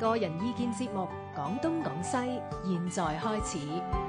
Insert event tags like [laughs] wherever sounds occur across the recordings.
個人意見節目《講東講西》，現在開始。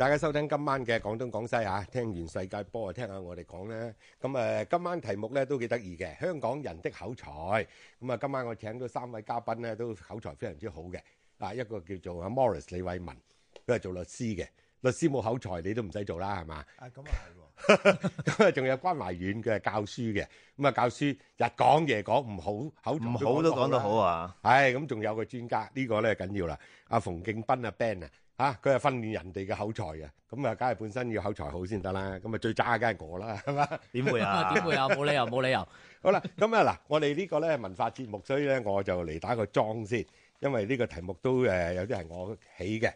大家收聽今晚嘅廣東廣西吓，聽完世界波啊，聽下我哋講咧。咁誒，今晚題目咧都幾得意嘅，香港人的口才。咁啊，今晚我請到三位嘉賓咧，都口才非常之好嘅。啊，一個叫做阿 Morris 李偉民，佢係做律師嘅，律師冇口才你都唔使做啦，係嘛？啊，咁啊係喎。咁啊，仲有關懷遠，佢係教書嘅。咁啊，教書日講夜講，唔好口才都講得好啊。唉，咁仲有個專家，呢個咧緊要啦。阿馮敬斌啊，Ben 啊。嚇，佢係訓練人哋嘅口才嘅，咁啊，梗係本身要口才好先得啦，咁啊，最渣梗係我啦，係嘛？點會啊？點會啊？冇理由，冇理由。好啦，咁啊嗱，我哋呢個咧文化節目，所以咧我就嚟打個樁先，因為呢個題目都誒有啲係我起嘅，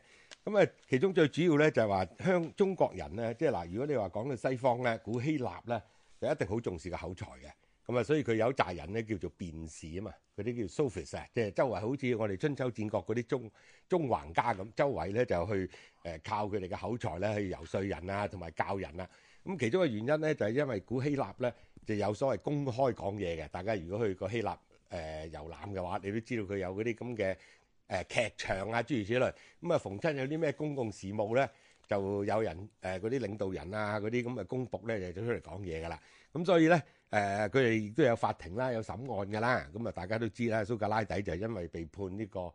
咁啊其中最主要咧就係話香中國人咧，即係嗱，如果你話講到西方咧，古希臘咧就一定好重視個口才嘅。咁啊，所以佢有一紮人咧叫做辯士啊嘛，嗰啲叫 sophist 啊，即係周圍好似我哋春秋戰國嗰啲縱縱橫家咁，周圍咧就去誒、呃、靠佢哋嘅口才咧去游説人啊，同埋教人啊。咁其中嘅原因咧就係、是、因為古希臘咧就有所謂公開講嘢嘅。大家如果去過希臘誒、呃、遊覽嘅話，你都知道佢有嗰啲咁嘅誒劇場啊諸如此類。咁啊逢親有啲咩公共事務咧，就有人誒嗰啲領導人啊嗰啲咁嘅公僕咧就出嚟講嘢㗎喇。咁所以咧。誒佢哋亦都有法庭啦，有審案㗎啦。咁啊，大家都知啦，蘇格拉底就係因為被判呢個誒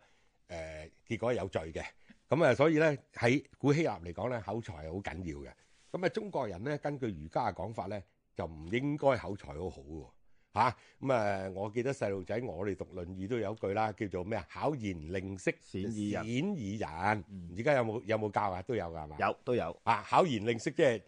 結果有罪嘅。咁啊，所以咧喺古希臘嚟講咧，口才係好緊要嘅。咁啊，中國人咧根據儒家嘅講法咧，就唔應該口才好好喎嚇。咁啊，我記得細路仔我哋讀《論語》都有句啦，叫做咩啊？巧言令色，鮮矣仁。鮮矣仁。而家有冇有冇教啊？都有㗎係嘛？有都有啊！巧言令色，即係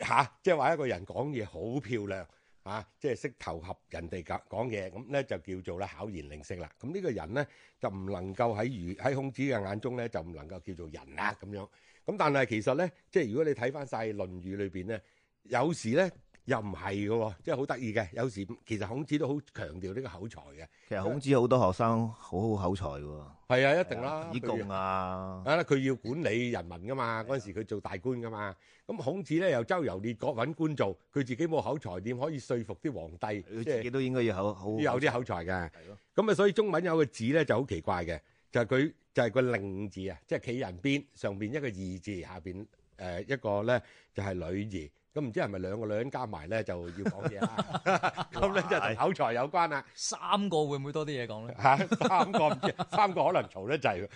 嚇，即係話一個人講嘢好漂亮。啊，即係識投合人哋講講嘢，咁咧就叫做啦巧言令色啦。咁呢個人咧就唔能夠喺儒喺孔子嘅眼中咧就唔能夠叫做人啦、啊、咁樣。咁但係其實咧，即係如果你睇翻晒《論語》裏邊咧，有時咧。又唔係嘅，即係好得意嘅。有時其實孔子都好強調呢個口才嘅。其實孔子好多學生好好口才嘅。係啊，一定啦，子貢啊。啊，佢要管理人民噶嘛，嗰陣呀時佢做大官噶嘛。咁孔子咧又周遊列國揾官做，佢自己冇口才點可以說服啲皇帝？佢自己都應該要好好有啲口才嘅。係咯呀。咁啊，所以中文有個字咧就好奇怪嘅，就係、是、佢就係、是、個令字啊，即、就、係、是、企人邊上邊一個二字下邊。誒，一個咧就係女兒，咁唔知係咪兩個女人加埋咧就要講嘢啦？咁咧就同口才有關啦。三個會唔會多啲嘢講咧？吓，三個唔知，三個可能嘈得滯。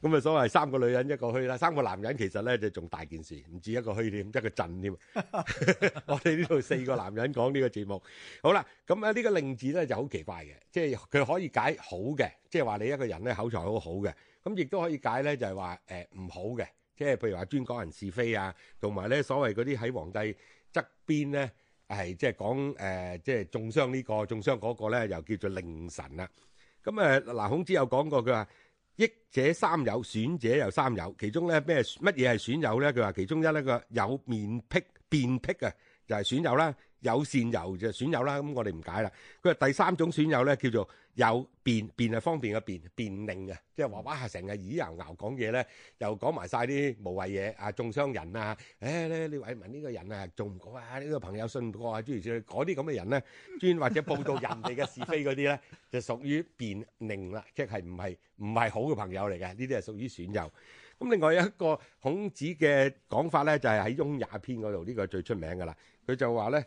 咁啊，所謂三個女人一個墟啦，三個男人其實咧就仲大件事，唔止一個墟添，一個鎮添。我哋呢度四個男人講呢個節目，好啦。咁啊，呢個令字咧就好奇怪嘅，即係佢可以解好嘅，即係話你一個人咧口才好好嘅，咁亦都可以解咧就係話誒唔好嘅。即係譬如話專講人是非啊，同埋咧所謂嗰啲喺皇帝側邊咧，係即係講誒，即係中傷呢個中傷嗰個咧，又叫做佞臣啊。咁誒嗱，孔子有講過，佢話益者三友，損者又三友。其中咧咩乜嘢係損友咧？佢話其中一呢個有面癖、便僻嘅就係、是、損友啦。有善友就損友啦，咁我哋唔解啦。佢話第三種損友咧，叫做有便便啊，方便嘅便便佞嘅，即係話話係成日耳人牛講嘢咧，又講埋晒啲無謂嘢啊，中傷人啊，誒、哎、咧，李偉民呢個人啊，做唔好啊，呢、這個朋友信唔過啊，諸如此類，嗰啲咁嘅人咧，專或者報道人哋嘅是非嗰啲咧，就屬於便佞啦，即係唔係唔係好嘅朋友嚟嘅，呢啲係屬於損友。咁另外有一個孔子嘅講法咧，就係、是、喺《雍也》篇嗰度，呢、這個最出名噶啦，佢就話咧。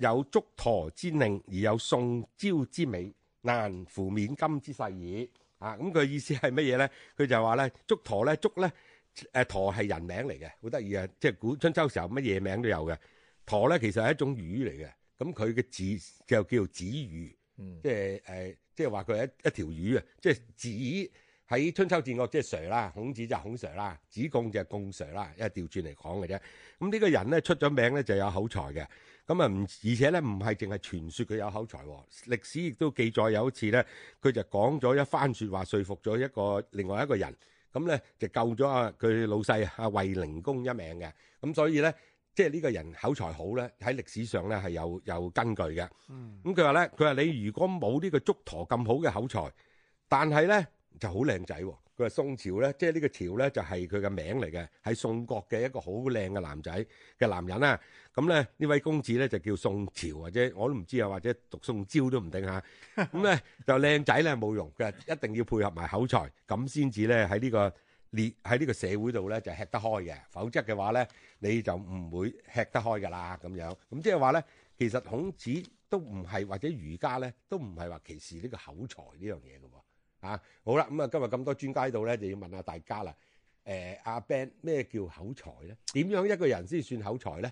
有祝鮀之佞，而有宋朝之美，難乎免今之世矣。啊，咁、嗯、佢意思係乜嘢咧？佢就話咧，祝鮀咧祝咧，誒、呃、陀係人名嚟嘅，好得意啊！即、就、係、是、古春秋時候乜嘢名都有嘅。陀咧其實係一種魚嚟嘅，咁佢嘅字就叫做子魚，嗯、即係誒、呃，即係話佢係一一條魚啊！即係子喺春秋戰國，即係 Sir 啦？孔子就係孔 Sir 啦，子貢就係貢 Sir 啦，一係調轉嚟講嘅啫。咁呢個人咧，出咗名咧就有口才嘅。咁啊唔，而且咧唔係淨係傳說佢有口才，歷史亦都記載有一次咧，佢就講咗一番說話，說服咗一個另外一個人，咁咧就救咗啊佢老細啊衛靈公一命嘅，咁所以咧即係呢個人口才好咧喺歷史上咧係有有根據嘅，咁佢話咧佢話你如果冇呢個祝鮀咁好嘅口才，但係咧就好靚仔。宋朝咧，即係呢個朝咧就係佢嘅名嚟嘅，係宋國嘅一個好靚嘅男仔嘅男人啊。咁咧呢位公子咧就叫宋朝，或者我都唔知啊，或者讀宋朝都唔定吓。咁咧就靚仔咧冇用嘅，一定要配合埋口才，咁先至咧喺呢個咧喺呢個社會度咧就吃得開嘅。否則嘅話咧你就唔會吃得開噶啦。咁樣咁即係話咧，其實孔子都唔係或者儒家咧都唔係話歧視呢個口才呢樣嘢嘅。啊，好啦，咁啊，今日咁多專家喺度咧，就要問下大家啦。誒，阿 Ben，咩叫口才咧？點樣一個人先算口才咧？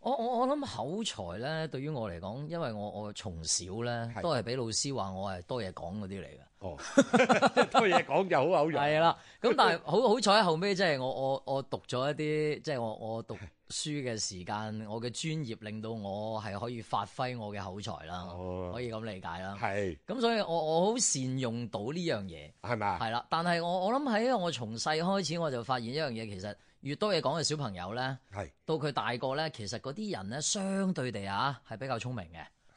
我我我諗口才咧，對於我嚟講，因為我我從小咧的都係俾老師我話我係多嘢講嗰啲嚟嘅。哦， [laughs] [laughs] 多嘢講就口 [laughs] [laughs] 好口才。係啦，咁但係好好彩後尾，即係我我我讀咗一啲，即係我我讀書嘅時間，我嘅專業令到我係可以發揮我嘅口才啦，哦、可以咁理解啦。係是，咁所以我我好善用到呢樣嘢，係咪啊？係啦，但係我我諗喺我從細開始，我就發現一樣嘢，其實越多嘢講嘅小朋友呢，是到佢大個呢，其實嗰啲人呢，相對地啊係比較聰明嘅，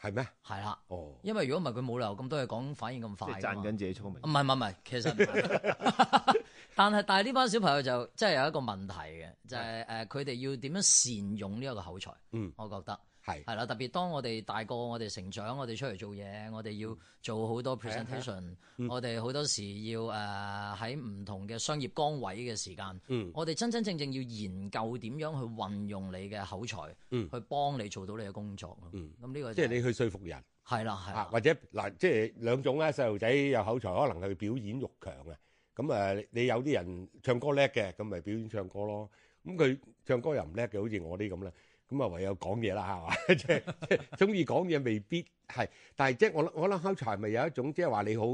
係咩嗎？係啦的，哦，因為如果唔係佢冇理由咁多嘢講，反應咁快。即係讚緊自己聰明。唔係唔係唔係，其實。 [laughs] [laughs] 但係，但係呢班小朋友就真係有一個問題嘅，就係誒，佢哋要點樣善用呢一個口才？嗯，我覺得係係啦，特別當我哋大個，我哋成長，我哋出嚟做嘢，我哋要做好多 presentation，我哋好多時要誒喺唔同嘅商業崗位嘅時間，我哋真真正正要研究點樣去運用你嘅口才，嗯，去幫你做到你嘅工作。嗯，咁呢個即係你去說服人，係啦係或者嗱，即係兩種咧，細路仔有口才，可能係表演欲強嘅。咁誒、嗯，你有啲人唱歌叻嘅，咁咪表演唱歌咯。咁、嗯、佢唱歌又唔叻嘅，好似我啲咁啦。咁啊唯有講嘢啦係嘛，即係中意講嘢未必係。但係即係我諗，我諗口才咪有一種即係話你好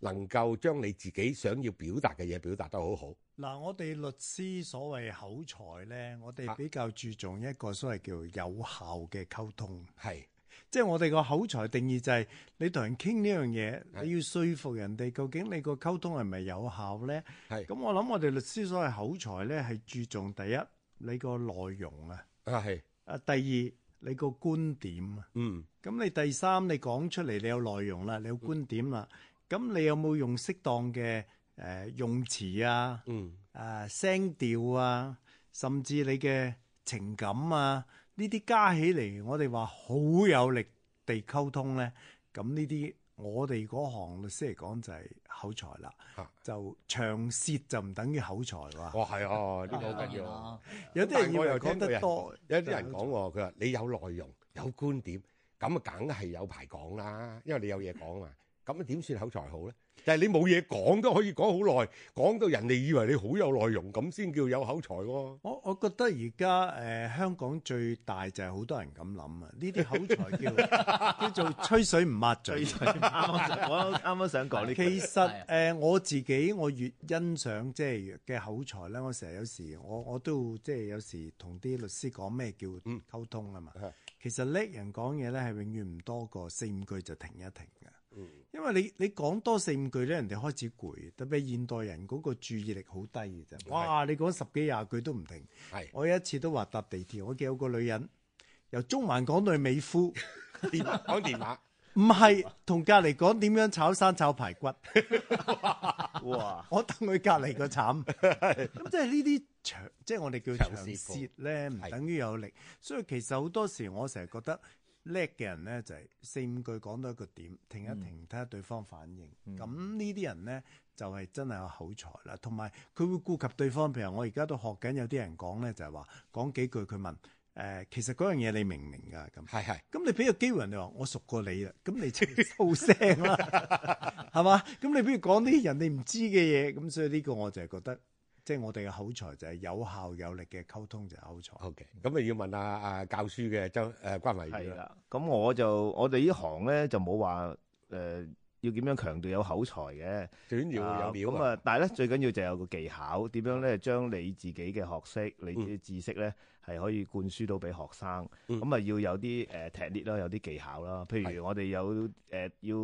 能夠將你自己想要表達嘅嘢表達得好好。嗱、啊，我哋律師所謂口才咧，我哋比較注重一個所謂叫有效嘅溝通係。啊。即係我哋個口才定義就係你同人傾呢樣嘢，你要説服人哋究竟你個溝通係咪有效咧？係。咁我諗我哋律師所謂口才咧，係注重第一你個內容啊。啊，係。啊，第二你個觀點啊。嗯。咁你第三你講出嚟，你有內容啦，你有觀點啦。咁你有冇用適當嘅誒用詞啊？嗯。誒聲調啊，甚至你嘅情感啊。呢啲加起嚟，我哋話好有力地溝通咧。咁呢啲，我哋嗰行律師嚟講就係、是、口才啦。啊、就長舌就唔等於口才喎。啊、哇，係啊，呢個好緊要啊。有啲人講得多，有啲人講，佢話你有內容、有觀點，咁啊梗係有排講啦。因為你有嘢講啊嘛。咁點算口才好咧？但係你冇嘢講都可以講好耐，講到人哋以為你好有內容咁，先叫有口才、啊。我我覺得而家誒香港最大就係好多人咁諗啊，呢啲口才叫 [laughs] 叫，叫做吹水唔抹嘴。我啱啱想講呢，其實誒呀、呃、我自己我越欣賞即係嘅口才咧，我成日有時我我都即係有時同啲律師講咩叫溝通啊嘛。嗯、 [laughs] 其實叻人講嘢咧係永遠唔多過四,四五句就停一停嘅。嗯，因為你你講多四五句咧，人哋開始攰，特別現代人嗰個注意力好低嘅啫。的哇，你講十幾廿句都唔停。係的，我有一次都話搭地鐵，我見有個女人由中環港到去美孚，講電話，唔係同隔籬講點樣炒生炒排骨。 [laughs] [laughs] 哇！ [laughs] 我等佢隔籬個慘。咁是的 [laughs] 即係呢啲長，即係我哋叫長舌咧，唔的等於有力。所以其實好多時我成日覺得。叻嘅人咧就係、是、四五句講到一個點，停一停睇下對方反應。咁、嗯、呢啲人咧就係、是、真係有口才啦，同埋佢會顧及對方。譬如我而家都學緊，有啲人講咧就係話講幾句佢問，誒、呃、其實嗰樣嘢你明唔明噶？咁係係。咁是你俾個機會人哋話我熟過你啦，咁 [laughs] [laughs] 你即係收聲啦，係嘛？咁你比如講啲人哋唔知嘅嘢，咁所以呢個我就係覺得。即係我哋嘅口才就係有效有力嘅溝通就係口才。O K，咁啊要問下阿教書嘅周誒關懷遠啦。咁我就我哋呢行咧就冇話誒要點樣強調有口才嘅，短少有。咁啊、呃，但係咧最緊要就有個技巧，點樣咧將你自己嘅學識、你自己嘅知識咧。嗯係可以灌輸到俾學生，咁啊、嗯、要有啲誒技巧啦，有啲技巧啦。譬如我哋有誒、呃、要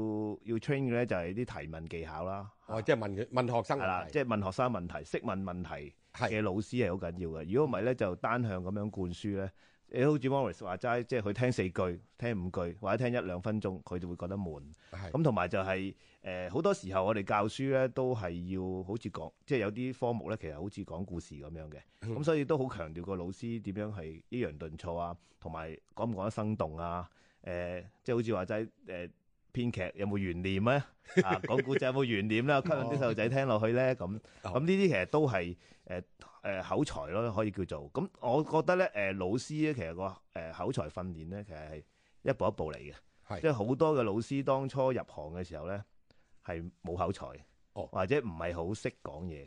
要 train 嘅咧，就係啲提問技巧啦。哦，即係問問學生問啦，即係的問學生問題，識問問題嘅老師係好緊要嘅。如果唔係咧，就單向咁樣灌輸咧。你好似 Maurice 話齋，即係佢聽四句、聽五句，或者聽一兩分鐘，佢就會覺得悶。咁同埋就係、是、誒，好、呃、多時候我哋教書咧，都係要好似講，即係有啲科目咧，其實好似講故事咁樣嘅。咁、 [laughs] 嗯、所以都好強調個老師點樣係抑揚頓挫啊，同埋講唔講得生動啊？誒、呃，即係好似話齋誒。呃編劇有冇懸念咧、啊？講古仔有冇懸念咧？ [laughs] 吸引啲細路仔聽落去咧？咁咁呢啲其實都係誒誒口才咯，可以叫做咁。我覺得咧誒、呃、老師咧其實、那個誒、呃、口才訓練咧其實係一步一步嚟嘅，即係好多嘅老師當初入行嘅時候咧係冇口才，哦、或者唔係好識講嘢。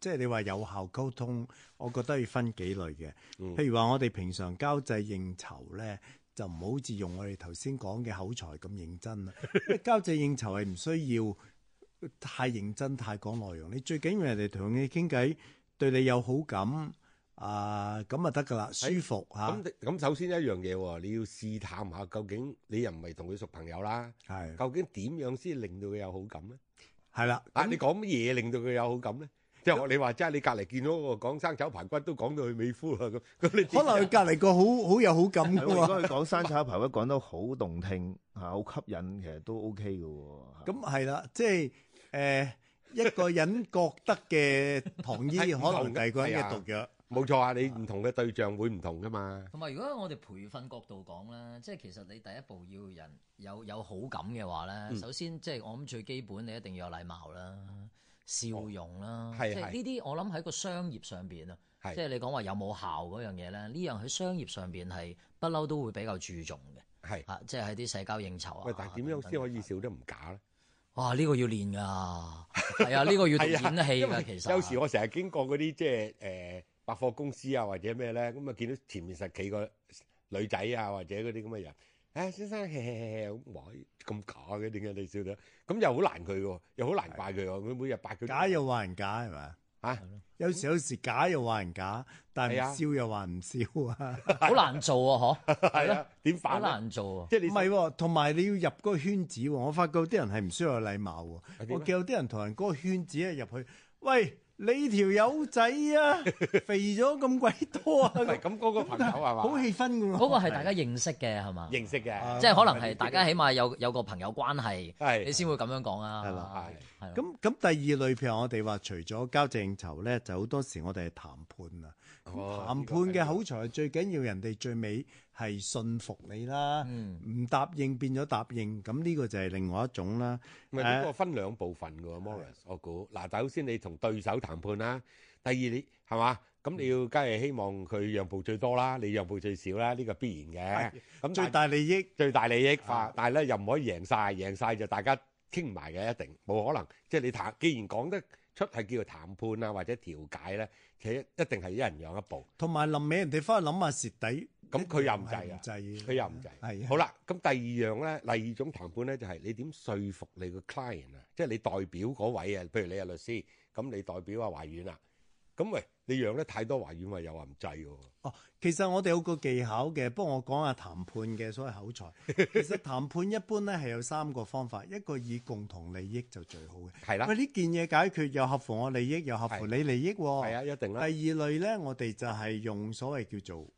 即係你話有效溝通，我覺得要分幾類嘅。嗯、譬如話我哋平常交際應酬咧，就唔好似用我哋頭先講嘅口才咁認真啦。 [laughs] 交際應酬係唔需要太認真，太講內容。你最緊要人哋同你傾偈，對你有好感啊，咁啊得噶啦，舒服吓。咁咁、哎，首先一樣嘢，你要試探下究竟你又唔係同佢熟朋友啦，係的？究竟點樣先令到佢有好感咧？係啦，啊、嗯，你講乜嘢令到佢有好感咧？即係我你話，真係你隔離見到個講生炒排骨都講到佢美夫啊咁。可能佢隔離個好好有好感嘅，如果佢講生炒排骨講得好動聽嚇、好吸引，其實都 OK 嘅。咁係啦，即係誒一個人覺得嘅糖衣可能嘅毒藥。冇錯啊！你唔同嘅對象會唔同㗎嘛。同埋，如果我哋培訓角度講啦，即係其實你第一步要人有有好感嘅話咧，首先即係我諗最基本你一定要有禮貌啦。笑容啦，哦、即係呢啲我諗喺個商業上邊啊，是即係你講話有冇效嗰樣嘢咧？呢是樣喺商業上邊係不嬲都會比較注重嘅，係啊是，即係喺啲社交應酬啊。喂，但係點樣先可以笑得唔假咧？哇、啊！呢、呢個要練㗎，係啊， [laughs] 呢、呢個要演戲㗎。 [laughs] 其實有時我成日經過嗰啲即係誒百貨公司啊，或者咩咧，咁啊見到前面十幾個女仔啊，或者嗰啲咁嘅人。誒、哎、先生，哇，咁假嘅點解你笑得？咁又好難佢喎，又好難怪佢喎。佢的每日扮佢假又話人假係咪？嚇的！的有時有時假又話人假，但係唔笑又話唔笑啊！好的 [laughs] 難做啊。嗬的！係啊 [laughs] 的，點反難做啊？即係你唔係喎，同埋、啊、你要入嗰個圈子喎。我發覺啲人係唔需要有禮貌喎。的我見有啲人同人嗰個圈子一入去，喂！你條友仔啊，肥咗咁鬼多啊！係咁嗰個朋友係嘛？好氣氛㗎喎！嗰個係大家認識嘅係嘛？認識嘅，即係可能係大家起碼有有個朋友關係，你先會咁樣講啊！係啦，係啦。咁咁第二類譬如我哋話，除咗交際應酬咧，就好多時我哋係談判啊。談判嘅口才最緊要人哋最尾。係信服你啦，唔答應變咗答應，咁呢個就係另外一種啦。唔係呢個分兩部分噶，Morris，我估嗱，首先你同對手談判啦，第二你係嘛，咁你要梗係希望佢讓步最多啦，你讓步最少啦，呢個必然嘅。咁最大利益最大利益啊，但係咧又唔可以贏曬，贏曬就大家傾埋嘅一定冇可能。即係你談，既然講得出係叫做談判啊，或者調解咧，其實一定係一人讓一步。同埋臨尾人哋翻去諗下蝕底。咁佢又唔制啊！佢又唔制。係。好啦，咁第二樣咧，第二種談判咧就係你點說服你個 client 啊，即係你代表嗰位啊，譬如你係律師，咁你代表啊懷遠啦。咁喂，你讓得太多懷遠咪又話唔制㗎？哦，其實我哋有個技巧嘅，不過我講下談判嘅所謂口才。其實談判一般咧係有三個方法，一個以共同利益就最好嘅，係啦。喂，呢件嘢解決又合乎我利益，又合乎你利益。係啊，一定啦。第二類咧，我哋就係用所謂叫做。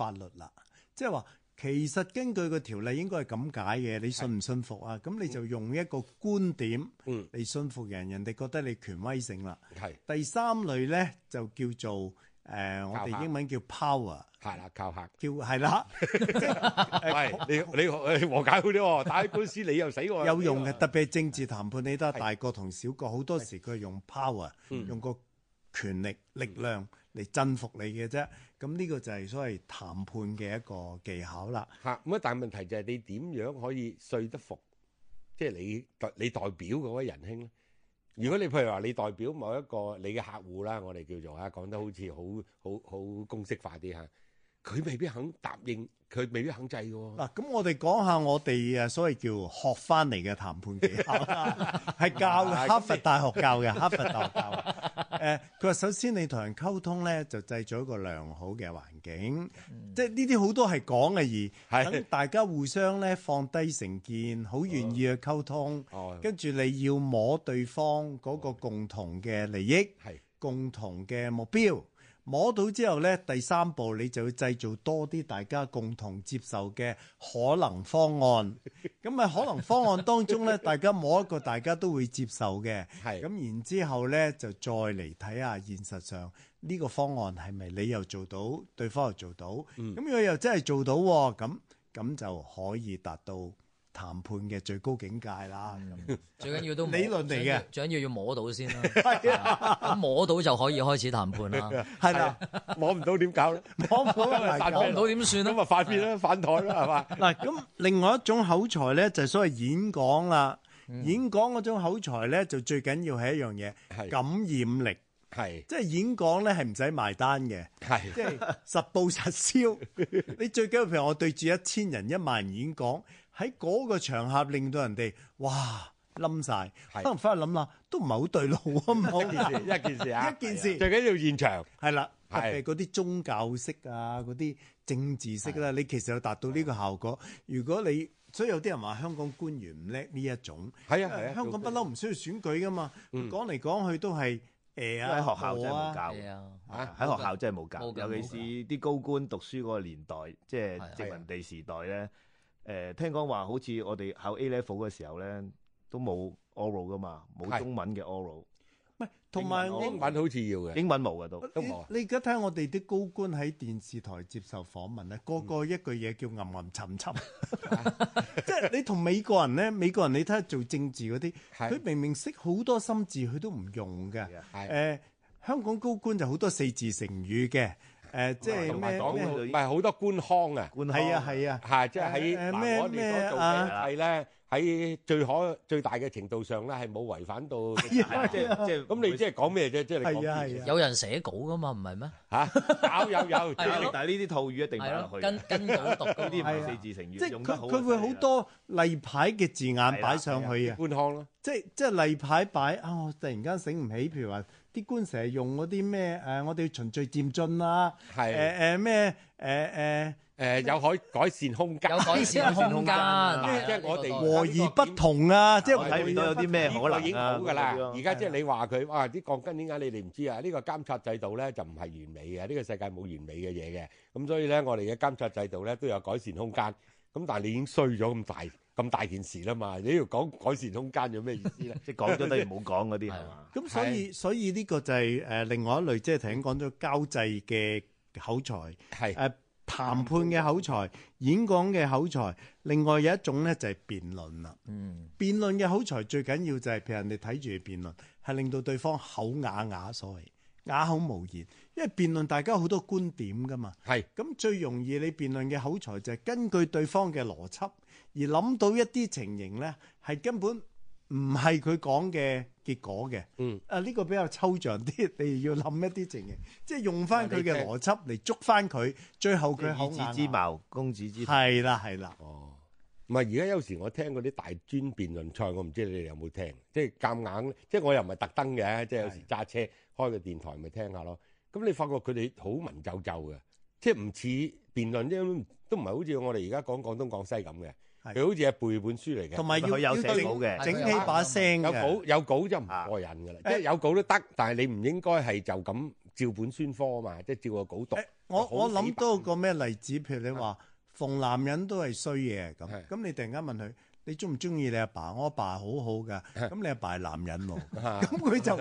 法律啦，即係話，其實根據個條例應該係咁解嘅，你信唔信服啊？咁你就用一個觀點嚟信服人，人哋覺得你權威性啦。係第三類咧，就叫做誒，我哋英文叫 power，係啦，靠客叫係啦，係你你和解好啲喎，打官司你又死我。有用嘅，特別係政治談判，你都得大國同小國，好多時佢係用 power，用個權力力量嚟征服你嘅啫。咁呢個就係所謂談判嘅一個技巧啦。嚇，咁啊，但問題就係你點樣可以説得服，即係你代你代表嗰位仁兄咧？如果你譬如話你代表某一個你嘅客戶啦，我哋叫做嚇，講得好似、嗯、好好好公式化啲嚇。佢未必肯答應，佢未必肯制㗎喎。嗱，咁我哋講下我哋啊所謂叫學翻嚟嘅談判技巧，係教嘅，哈佛大學教嘅，哈佛大學教嘅。誒，佢話首先你同人溝通咧，就製造一個良好嘅環境，即係呢啲好多係講嘅嘢，係等大家互相咧放低成見，好願意去溝通。哦，跟住你要摸對方嗰個共同嘅利益，係共同嘅目標。摸到之後呢，第三步你就要製造多啲大家共同接受嘅可能方案。咁咪 [laughs] 可能方案當中呢， [laughs] 大家摸一個大家都會接受嘅。係咁，然之後呢，就再嚟睇下現實上呢個方案係咪你又做到，對方又做到。咁佢、嗯、又真係做到喎，咁咁就可以達到。談判嘅最高境界啦，最緊要都理論嚟嘅，最緊要要摸到先啦。係啊，摸到就可以開始談判啦。係啦，摸唔到點搞？摸唔到咪反面？摸唔到點算咧？咁啊，反面啦，反台啦，係嘛？嗱，咁另外一種口才咧，就所謂演講啦。演講嗰種口才咧，就最緊要係一樣嘢，係感染力。係，即係演講咧，係唔使埋單嘅。係，即係實報實銷。你最緊要，譬如我對住一千人、一萬人演講。喺嗰個場合令到人哋哇冧晒，可能翻去諗啦，都唔係好對路啊，唔好意思，一件事啊，一件事最緊要現場係啦。誒，嗰啲宗教式啊，嗰啲政治式啦，你其實有達到呢個效果。如果你，所以有啲人話香港官員唔叻呢一種，係啊，係啊。香港不嬲唔需要選舉噶嘛。講嚟講去都係誒啊！喺學校真係冇教，喺學校真係冇教，尤其是啲高官讀書嗰個年代，即係殖民地時代咧。誒，聽講話好似我哋考 A level 嘅時候咧，都冇 oral 噶嘛，冇中文嘅 oral。唔係，同埋英文好似要嘅，英文冇噶都。都冇啊！你而家睇下我哋啲高官喺電視台接受訪問咧，嗯、個個一句嘢叫吟吟沉沉。 [laughs] [laughs] 即係你同美國人咧，美國人你睇下做政治嗰啲，佢的明明識好多心字，佢都唔用嘅。誒的、嗯嗯，香港高官就好多四字成語嘅。誒即係同埋講咩？唔係好多官腔啊！係啊係啊，係即係喺我哋所做嘅係咧，喺最可最大嘅程度上咧係冇違反到。即係咁，你即係講咩啫？即係你講有人寫稿噶嘛，唔係咩？嚇，有有有，但係呢啲套語一定唔能去。跟跟上讀嗰啲唔係四字成語，用得好。即係佢會好多例牌嘅字眼擺上去啊，官腔咯。即係即係例牌擺啊！我突然間醒唔起，譬如話啲官成日用嗰啲咩誒，我哋循序漸進啊，誒誒咩誒誒誒有可改善空間，有改善空間。即係我哋和而不同啊！即係睇到有啲咩可能啊？已經好㗎啦。而家即係你話佢哇，啲鋼筋點解你哋唔知啊？呢個監察制度咧就唔係完美。係啊，呢個世界冇完美嘅嘢嘅，咁所以咧，我哋嘅監察制度咧都有改善空間。咁但係你已經衰咗咁大咁大件事啦嘛，你要講改善空間有咩意思咧？即係講咗都唔好講嗰啲係嘛？咁所以所以呢個就係誒另外一類，即係頭先講咗交際嘅口才，係誒談判嘅口才、演講嘅口才。另外有一種咧就係辯論啦。嗯，辯論嘅口才最緊要就係俾人哋睇住去辯論，係令到對方口啞啞所謂。啞口無言，因為辯論大家有好多觀點噶嘛。係咁是最容易你辯論嘅口才就係根據對方嘅邏輯而諗到一啲情形咧，係根本唔係佢講嘅結果嘅。嗯，誒呢、啊呢個比較抽象啲，你要諗一啲情形，即係用翻佢嘅邏輯嚟，捉翻佢。最後佢以子之矛，公子之謀。係啦，係啦。哦，唔係而家有時我聽嗰啲大專辯論賽，我唔知你哋有冇聽，即係夾硬，硬，即係我又唔係特登嘅，即係有時揸車。開個電台咪聽下咯，咁你發覺佢哋好文縐縐嘅，即係唔似辯論啫，都唔係好似我哋而家講廣東廣西咁嘅，佢好似係背本書嚟嘅，同埋要有寫稿嘅整起把聲嘅。有稿，有稿就唔過癮噶啦，即係有稿都得，但係你唔應該係就咁照本宣科啊嘛，即係照個稿讀。我我諗到個咩例子？譬如你話逢男人都係衰嘢咁，咁你突然間問佢。你中唔中意你阿爸？我阿爸好好噶。咁你阿爸係男人喎，咁佢就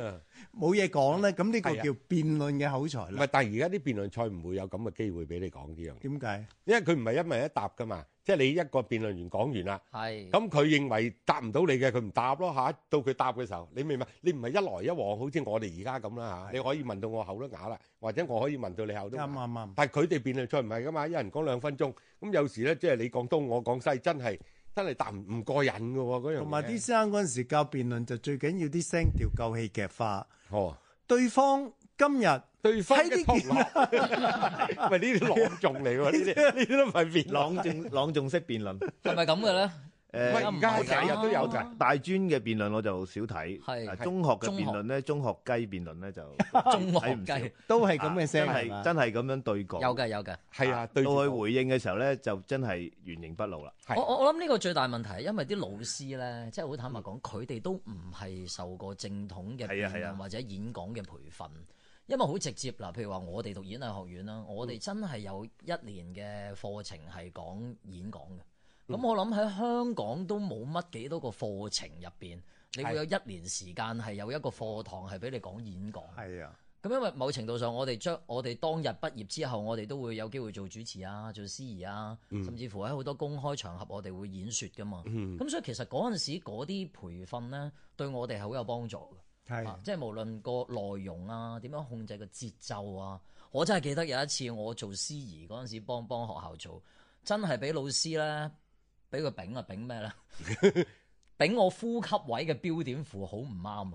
冇嘢講咧。咁呢個叫辯論嘅口才咧。唔係，但而家啲辯論賽唔會有咁嘅機會俾你講呢樣。點解？因為佢唔係一問一答噶嘛，即係你一個辯論員講完啦，咁佢認為答唔到你嘅，佢唔答咯嚇。到佢答嘅時候，你明唔明？你唔係一來一往，好似我哋而家咁啦嚇。你可以問到我口都啞啦，或者我可以問到你口都啞。啱啱啱。但係佢哋辯論賽唔係噶嘛，一人講兩分鐘。咁有時咧，即係你講東，我講西，真係。真係答唔過癮噶，嗰樣，同埋啲先生嗰陣時教辯論就最緊要啲聲調夠戲劇化。哦，對方今日最快啲，咪呢啲朗誦嚟嘅，呢啲呢啲都唔係辯論。朗誦，朗誦式辯論係咪咁嘅咧？誒，而家成日都有嘅大專嘅辯論，我就少睇，係中學嘅辯論咧，中學雞辯論咧就中學雞， [laughs] 都係咁嘅聲，係吧真係咁樣對講。有嘅，有嘅，係啊，對佢回應嘅時候咧，就真係原形畢露啦。我我諗呢個最大問題，因為啲老師咧，即係好坦白講，佢哋、嗯、都唔係受過正統嘅辯論或者演講嘅培訓，啊啊、因為好直接嗱。譬如話我哋讀演藝學院啦，嗯、我哋真係有一年嘅課程係講演講嘅。咁、嗯、我諗喺香港都冇乜幾多個課程入邊，的你會有一年時間係有一個課堂係俾你講演講。係啊，咁因為某程度上我，我哋將我哋當日畢業之後，我哋都會有機會做主持啊，做司儀啊，甚至乎喺好多公開場合，我哋會演說噶嘛。啊、嗯，咁所以其實嗰陣時嗰啲培訓呢，對我哋係好有幫助嘅。係、啊，的即係無論個內容啊，點樣控制個節奏啊，我真係記得有一次我做司儀嗰陣時，幫幫學校做，真係俾老師呢。俾個丙啊，丙咩咧？丙我呼吸位嘅標點符好唔啱啊！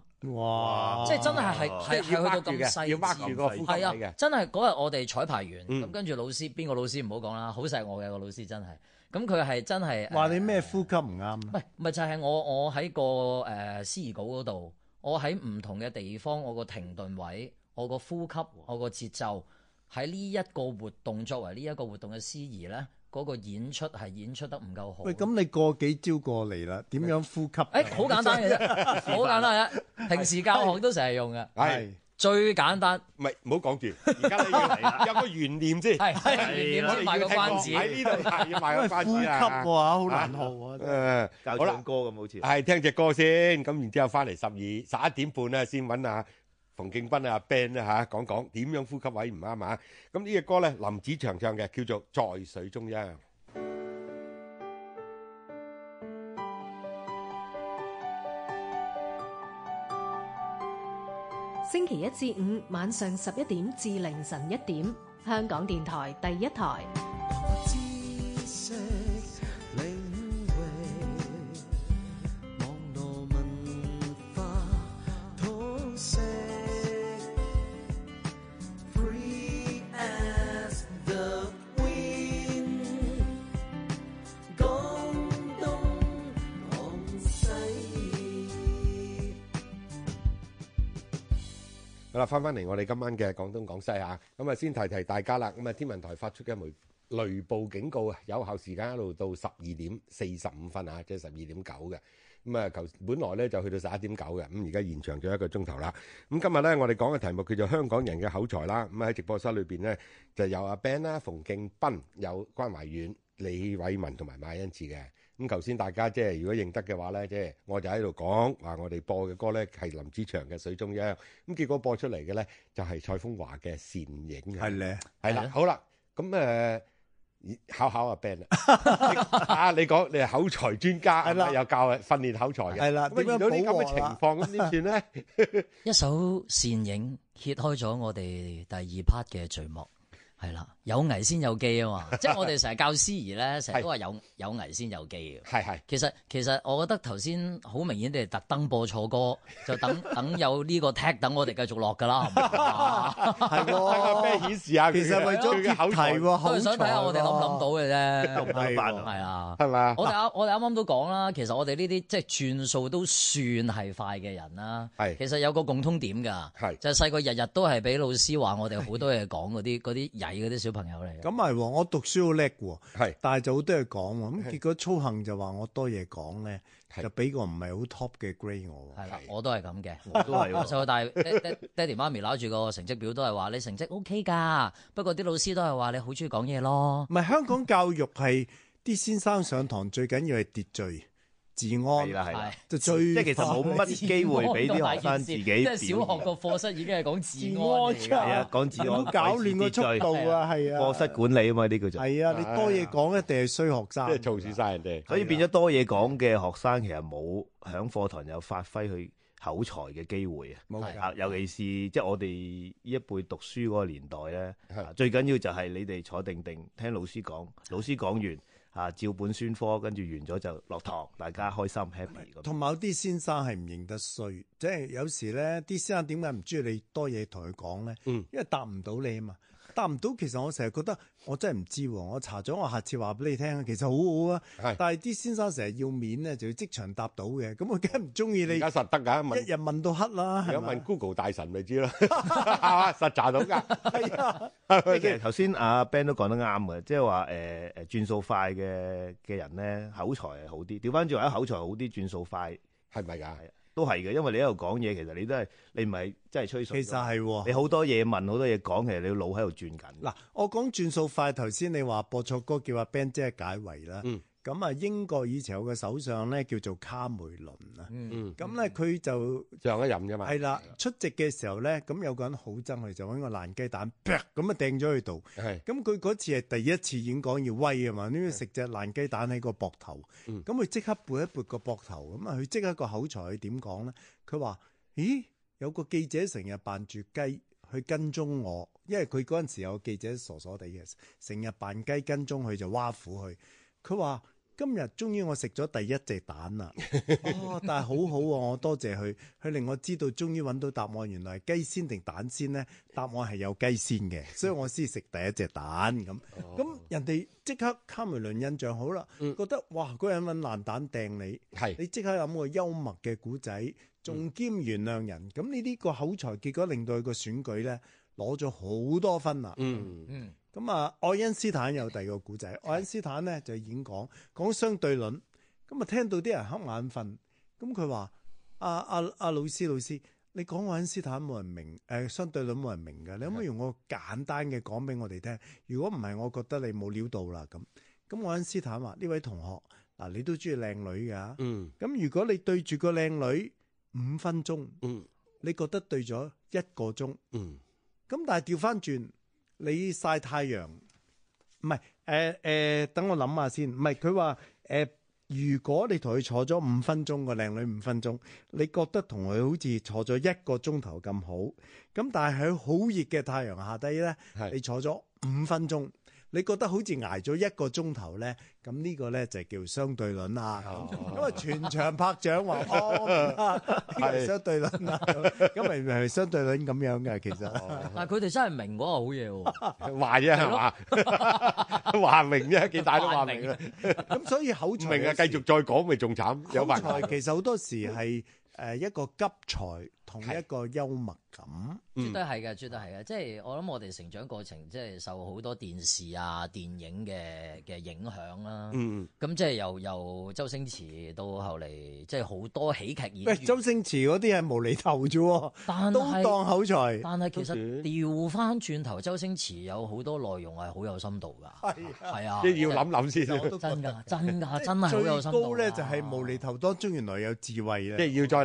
哇！即係真係係係去到咁細，要挖住個呼吸位啊！真係嗰日我哋彩排完，咁跟住老師邊個老師唔好講啦，好錫我嘅個老師真係，咁佢係真係話你咩呼吸唔啱？喂，咪就係我我喺個司儀稿嗰度，我喺唔同嘅地方，我個停頓位、我個呼吸、我個節奏喺呢一個活動作為呢一個活動嘅司儀咧。嗰個演出係演出得唔夠好。喂，咁你過幾招過嚟啦？點樣呼吸？誒，好簡單嘅啫，好簡單嘅。平時教學都成日用㗎。係最簡單。唔係唔好講住，而家都要嚟啦。有個懸念先，係願念買個關子喺呢度，要買個關子啊。呼吸嘅話好難學喎。誒，教唱歌咁好似。係聽隻歌先，咁然之後翻嚟十二十一點半咧先揾下。馮敬斌啊，Ben 啊，吓講講點樣呼吸位唔啱啊？咁呢隻歌咧，林子祥唱嘅，叫做《在水中央》。星期一至五晚上十一點至凌晨一點，香港電台第一台。嗱，翻翻嚟，我哋今晚嘅廣東廣西啊，咁啊，先提提大家啦。咁啊，天文台發出嘅一枚雷暴警告啊，有效時間一路到十二點四十五分啊，即係十二點九嘅。咁啊，求本來咧就去到十一點九嘅，咁而家延長咗一個鐘頭啦。咁今日咧，我哋講嘅題目叫做香港人嘅口才啦。咁喺直播室裏邊咧，就有阿 Ben 啦 Ben, 敬、馮敬斌、有關懷遠、李偉民同埋馬恩賜嘅。咁頭先大家即係如果認得嘅話咧，即係我就喺度講話我哋播嘅歌咧係林子祥嘅水中央，咁結果播出嚟嘅咧就係蔡風華嘅倩影。係咧，係啦，好啦，咁誒考考阿、啊、Ben 啦，阿 [laughs] 你講、啊、你係口才專家，係啦 [laughs] 的，有教訓練口才。嘅的。係啦，點解咁嘅情況咁點算咧？ [laughs] 一首倩影揭開咗我哋第二 part 嘅序幕。係啦，有危先有機啊嘛，即係我哋成日教司儀咧，成日都話有有危先有機嘅。係係，其實其實我覺得頭先好明顯你哋特登播錯歌，就等等有呢個 tech，等我哋繼續落噶啦。係喎，咩顯示下？其實為咗口才，都係想睇下我哋諗唔諗到嘅啫。咁快？係啊，係嘛？我哋啱我哋啱啱都講啦，其實我哋呢啲即係轉數都算係快嘅人啦。其實有個共通點噶，就係細個日日都係俾老師話我哋好多嘢講嗰啲啲嗰啲小朋友嚟，咁係喎，我讀書好叻喎，係是，但係就好多嘢講喎，咁結果操行就話我多嘢講咧，就俾個唔係好 top 嘅 grade 我喎，係啦，我都係咁嘅，我都係喎，細個大爹爹爹哋媽咪攞住個成績表都係話你成績 OK 㗎，不過啲老師都係話你好中意講嘢咯，唔係香港教育係啲 [laughs] 先生上堂最緊要係秩序。治安啦，係就最即係其實冇乜機會俾啲學生自己。即係小學個課室已經係講治安係啊，講治安。好搞亂個速度啊，係啊，課室管理啊嘛，呢句就係啊，你多嘢講一定係衰學生，即係嘈住晒人哋。所以變咗多嘢講嘅學生，其實冇響課堂有發揮佢口才嘅機會啊。係尤其是即係我哋呢一輩讀書嗰個年代咧，最緊要就係你哋坐定定聽老師講，老師講完。啊，照本宣科，跟住完咗就落堂，大家開心 happy。同埋有啲先生係唔認得衰，即係有時咧，啲先生點解唔中意你多嘢同佢講咧？嗯，因為答唔到你啊嘛。答唔到，其實我成日覺得我真係唔知喎。我查咗，我下次話俾你聽，其實好好啊。的但係啲先生成日要面咧，就要即場答到嘅。咁我梗係唔中意你。而家實得噶，一日問到黑啦。有問，問 Google 大神咪知咯，係 [laughs] [laughs] 實查到㗎。係啊 [laughs] 的， [laughs] 其實頭先阿 Ben 都講得啱啊，即係話誒誒轉數快嘅嘅人咧，口才係好啲。調翻轉話口才好啲，轉數快係咪㗎？的都係嘅，因為你喺度講嘢，其實你都係，你唔係真係吹水。其實係喎，你好多嘢問，好多嘢講，其實你腦喺度轉緊。嗱，我講轉數快，頭先你話播錯歌，叫阿 Ben 姐解圍啦。嗯。咁啊，英國以前有個首相咧，叫做卡梅倫啦。咁咧、嗯，佢、嗯、就上一任啫嘛。係啦了，嗯、出席嘅時候咧，咁有個人好憎佢，就揾個爛雞蛋，啪咁啊掟咗佢度。係。咁佢嗰次係第一次演講要威啊嘛，呢要食隻爛雞蛋喺個膊頭。嗯是。咁佢即刻撥一撥個膊頭，咁啊、嗯，佢即刻個口才點講咧？佢話：咦，有個記者成日扮住雞去跟蹤我，因為佢嗰陣時有個記者傻傻地嘅，成日扮雞跟蹤佢就挖苦佢。佢話。今日終於我食咗第一隻蛋啦！ [laughs] 哦，但係好好、啊、喎，我多謝佢，佢令我知道終於揾到答案，原來係雞先定蛋先呢？答案係有雞先嘅， [laughs] 所以我先食第一隻蛋咁。咁、 [laughs] 哦、人哋即刻卡梅倫印象好啦，嗯、覺得哇，嗰人揾爛蛋掟你，嗯、你即刻諗個幽默嘅故仔，仲、嗯、兼原諒人，咁你呢個口才結果令到佢個選舉咧攞咗好多分啦。嗯嗯。嗯。咁啊、嗯，愛因斯坦有第二個故仔的、啊啊啊呃。愛因斯坦咧就演講講相對論，咁啊聽到啲人瞌眼瞓，咁佢話：阿阿阿老師老師，你講愛因斯坦冇人明，誒相對論冇人明㗎。你可唔可以用個簡單嘅講俾我哋聽？如果唔係，我覺得你冇料到啦咁。咁愛因斯坦話：呢位同學，嗱你都中意靚女㗎，咁、嗯、如果你對住個靚女五分鐘，嗯、你覺得對咗一個鐘，咁、嗯、但係調翻轉。你曬太陽，唔係誒誒，等我諗下先。唔係佢話誒，如果你同佢坐咗五分鐘個靚女五分鐘，你覺得同佢好似坐咗一個鐘頭咁好？咁但係喺好熱嘅太陽下低咧，是你坐咗五分鐘。你覺得好似挨咗一個鐘頭咧，咁呢個咧就叫相對論啦。咁啊，全場拍掌話 [laughs] 哦，係相對論啦。咁明明係相對論咁樣嘅其實。但佢哋真係明嗰個好嘢喎。話啫係嘛？話了明啫，幾大都話明啦。咁 [laughs] 所以口才，明啊，繼續再講咪仲慘。口才吐其實好多時係。嗯誒，一個急才同一個幽默感，絕對係嘅，絕對係嘅。即係我諗，我哋成長過程即係受好多電視啊、電影嘅嘅影響啦。嗯，咁即係由由周星馳到後嚟，即係好多喜劇演員。喂，周星馳嗰啲係無厘頭啫，都當口才。但係其實調翻轉頭，周星馳有好多內容係好有深度噶。係啊，係啊，要諗諗先。真噶，真噶，真係最高咧，就係無厘頭當中原來有智慧咧，即係要再。諗諗先知噶，你有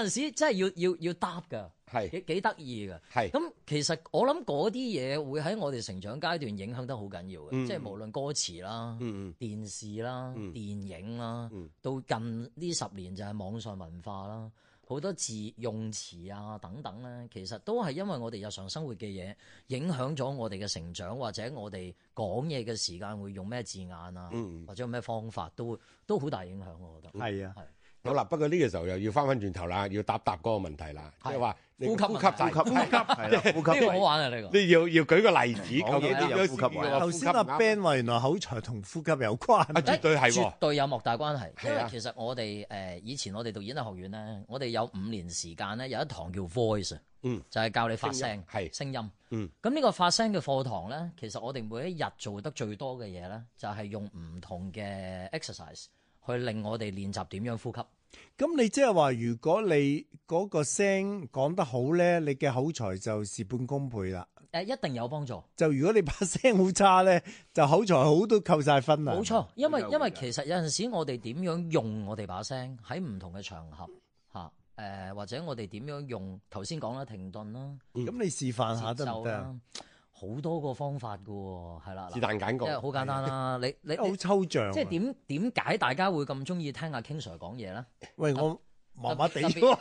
陣時真係要要要答噶，幾幾得意噶。係咁，其實我諗嗰啲嘢會喺我哋成長階段影響得好緊要嘅，即係無論歌詞啦、電視啦、電影啦，到近呢十年就係網上文化啦，好多字用詞啊等等咧，其實都係因為我哋日常生活嘅嘢影響咗我哋嘅成長，或者我哋講嘢嘅時間會用咩字眼啊，或者用咩方法，都會都好大影響，我覺得係啊，係。好啦，不過呢個時候又要翻返轉頭啦，要答答嗰個問題啦，即係話呼吸、呼吸、呼吸，係啦，呼吸。呢個好玩啊，呢個你要要舉個例子，講嘢啲呼吸維，頭先阿 Ben 話原來口才同呼吸有關，絕對係，絕對有莫大關係。因為其實我哋誒以前我哋讀演藝學院咧，我哋有五年時間咧，有一堂叫 voice，嗯，就係教你發聲，係聲音，嗯。咁呢個發聲嘅課堂咧，其實我哋每一日做得最多嘅嘢咧，就係用唔同嘅 exercise 去令我哋練習點樣呼吸。咁你即係話，如果你嗰個聲講得好咧，你嘅口才就事半功倍啦。誒、呃，一定有幫助。就如果你把聲好差咧，就口才好都扣晒分啦。冇錯，因為因為其實有陣時我哋點樣用我哋把聲喺唔同嘅場合吓，誒、呃、或者我哋點樣用頭先講啦停頓啦。咁、嗯、你示範下得唔得？好多個方法嘅喎，係啦，是但揀個，即係好簡單啦。你你好抽象，即係點點解大家會咁中意聽阿 King Sir 講嘢咧？喂，我麻麻地，你講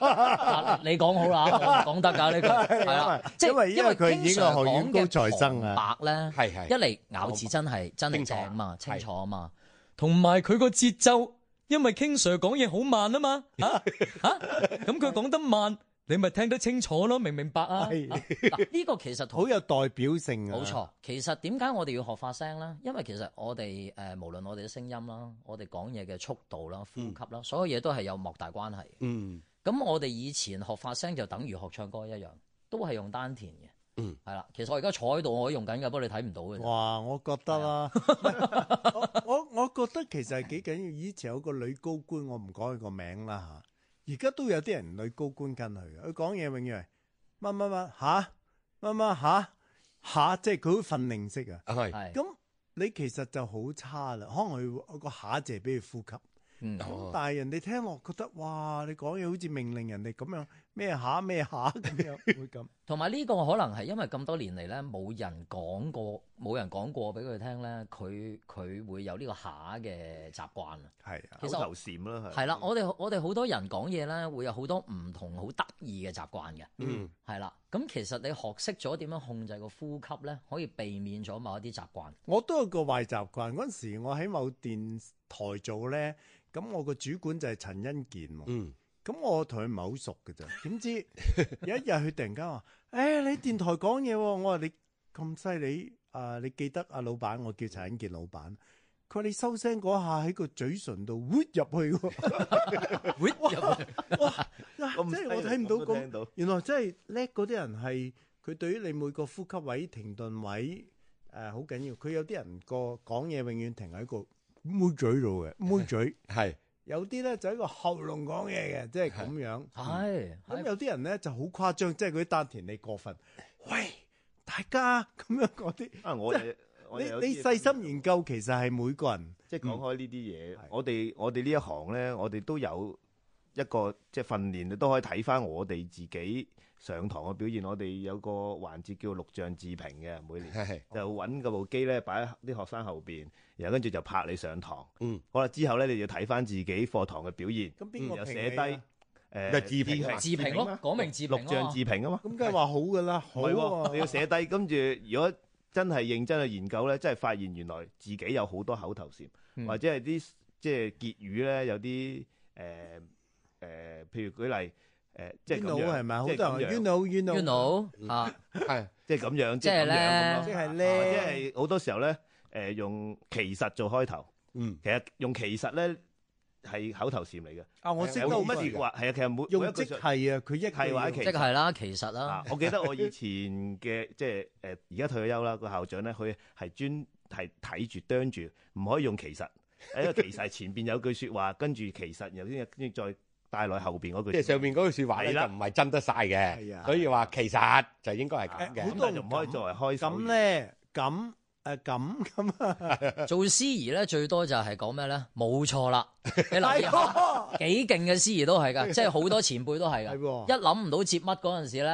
好啦，講得㗎，呢個係啦，因為因為佢演藝學院高材生啊，白咧，係係，一嚟咬字真係真係正啊嘛，清楚啊嘛，同埋佢個節奏，因為 King Sir 講嘢好慢啊嘛，嚇嚇，咁佢講得慢。你咪聽得清楚咯，明唔明白 [laughs] 啊？呢、呢個其實好 [laughs] 有代表性噶。冇錯，其實點解我哋要學發聲咧？因為其實我哋誒、呃，無論我哋嘅聲音啦，我哋講嘢嘅速度啦、呼吸啦，嗯、所有嘢都係有莫大關係。嗯。咁我哋以前學發聲就等於學唱歌一樣，都係用丹田嘅。嗯。係啦，其實我,在在我而家坐喺度我都用緊噶，不過你睇唔到嘅。哇，我覺得啦， [laughs] [laughs] 我我,我覺得其實係幾緊要。以前有個女高官，我唔講佢個名啦吓。而家都有啲人女高官跟佢，佢講嘢永遠係乜乜乜吓，乜乜吓吓，即係佢會訓令式啊！係，咁你其實就好差啦，可能佢個下字俾佢呼吸，嗯、但係人哋聽落覺得哇，你講嘢好似命令人哋咁樣。咩下咩下咁樣會咁，同埋呢個可能係因為咁多年嚟咧冇人講過，冇人講過俾佢聽咧，佢佢會有呢個下嘅習慣啊。係啊，其實，流線啦，係。係啦，我哋我哋好多人講嘢咧，會有好多唔同好得意嘅習慣嘅。嗯，係啦。咁其實你學識咗點樣控制個呼吸咧，可以避免咗某一啲習慣。我都有個壞習慣，嗰陣時我喺某電台做咧，咁我個主管就係陳恩健喎。嗯。咁我同佢唔係好熟嘅咋，點知有一日佢突然間話：誒你喺電台講嘢喎！我話你咁犀利啊！你記得阿老闆，我叫陳永健老闆。佢話你收聲嗰下喺個嘴唇度，wood 入去喎，wood 入去哇！即係我睇唔到個原來，即係叻嗰啲人係佢對於你每個呼吸位、停頓位誒好緊要。佢有啲人個講嘢永遠停喺個 mute 嘴度嘅 mute 嘴係。有啲咧就喺個喉嚨講嘢嘅，即係咁樣。係咁有啲人咧的就好誇張，即係佢啲丹田你過分。喂、就是，大家咁樣講啲。啊，我哋我哋細心研究，其實係每個人即係講開呢啲嘢。我哋我哋呢一行咧，我哋都有一個即係、就是、訓練，都可以睇翻我哋自己，上堂嘅表現，我哋有個環節叫錄像自評嘅，每年就揾嗰部機咧，擺喺啲學生後邊，然後跟住就拍你上堂。嗯，好啦，之後咧，你要睇翻自己課堂嘅表現，咁邊個又寫低誒自評自評咯，講明自評錄像自評啊嘛。咁梗係話好噶啦，好，你要寫低。跟住如果真係認真去研究咧，真係發現原來自己有好多口頭禪，或者係啲即係結語咧，有啲誒誒，譬如舉例。誒，即係咁係咪？好多，you know you know you know 啊，係即係咁樣，即係咧，即係咧，即係好多時候咧，誒用其實做開頭，嗯，其實用其實咧係口頭禪嚟嘅。啊，我識得乜嘢話係啊，其實每用一係啊，佢一句話一即係啦，其實啦。啊，我記得我以前嘅即係誒，而家退咗休啦個校長咧，佢係專係睇住啄住，唔可以用其實，因為其實前邊有句說話，跟住其實，然後先先再。帶來後邊嗰句，即係上面嗰句說話咧，就唔係真得晒嘅。所以話其實就應該係咁嘅，咁都唔可以作為開始。咁咧，咁誒，咁咁做司儀咧，最多就係講咩咧？冇錯啦，你留意下，幾勁嘅司儀都係噶，即係好多前輩都係噶。係一諗唔到接乜嗰陣時咧。